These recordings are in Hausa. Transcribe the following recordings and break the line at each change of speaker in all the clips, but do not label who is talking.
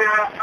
here.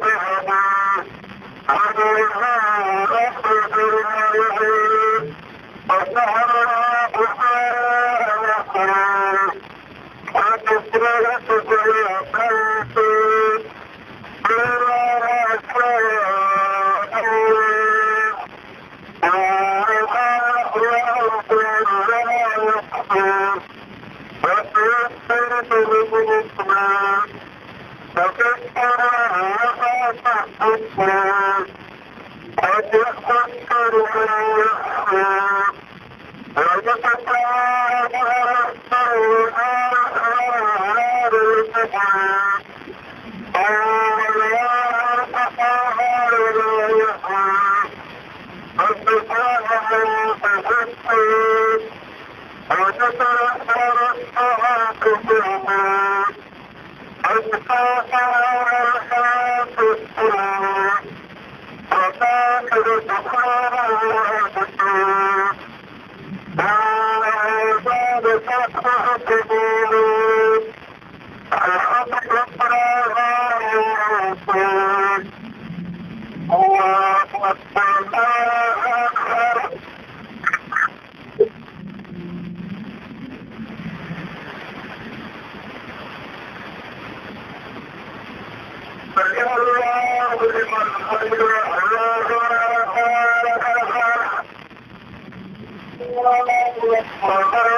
Mr. الإسلام قد يفكر Thank you.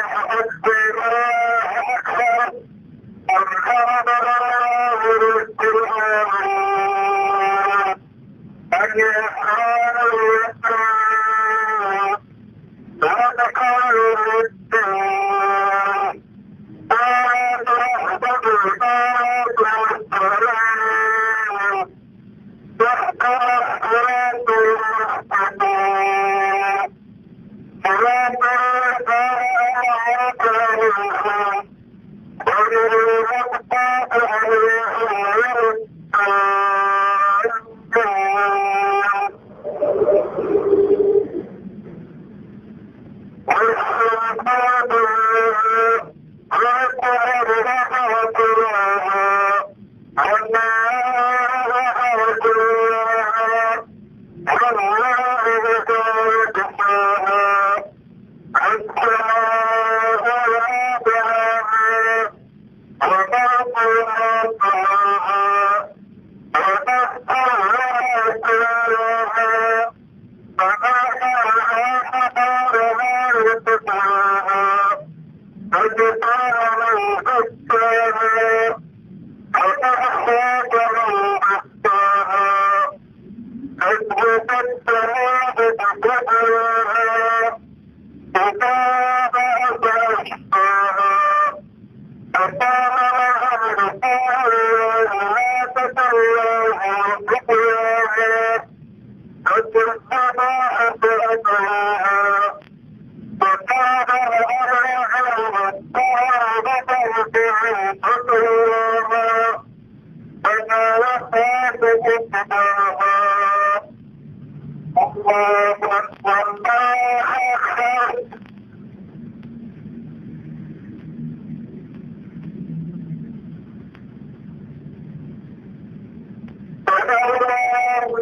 Thank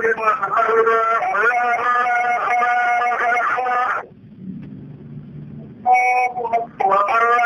you.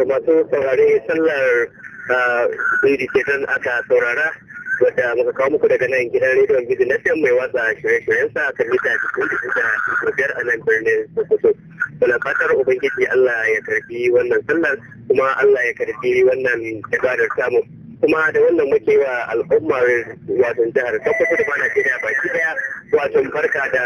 masu saurare sallar wuri kenan aka saurara wadda muka kawo muku daga nan gidan rediyon gidi na fiyan mai watsa shirye-shiryen sa kan mita cikin da biyar a nan birnin Sokoto. Muna fatar Ubangiji Allah ya karfi wannan sallar kuma Allah ya karfi wannan ibadar samu. kuma da wannan muke wa al'ummar wato jihar Sokoto da ba Najeriya baki daya
wato barka da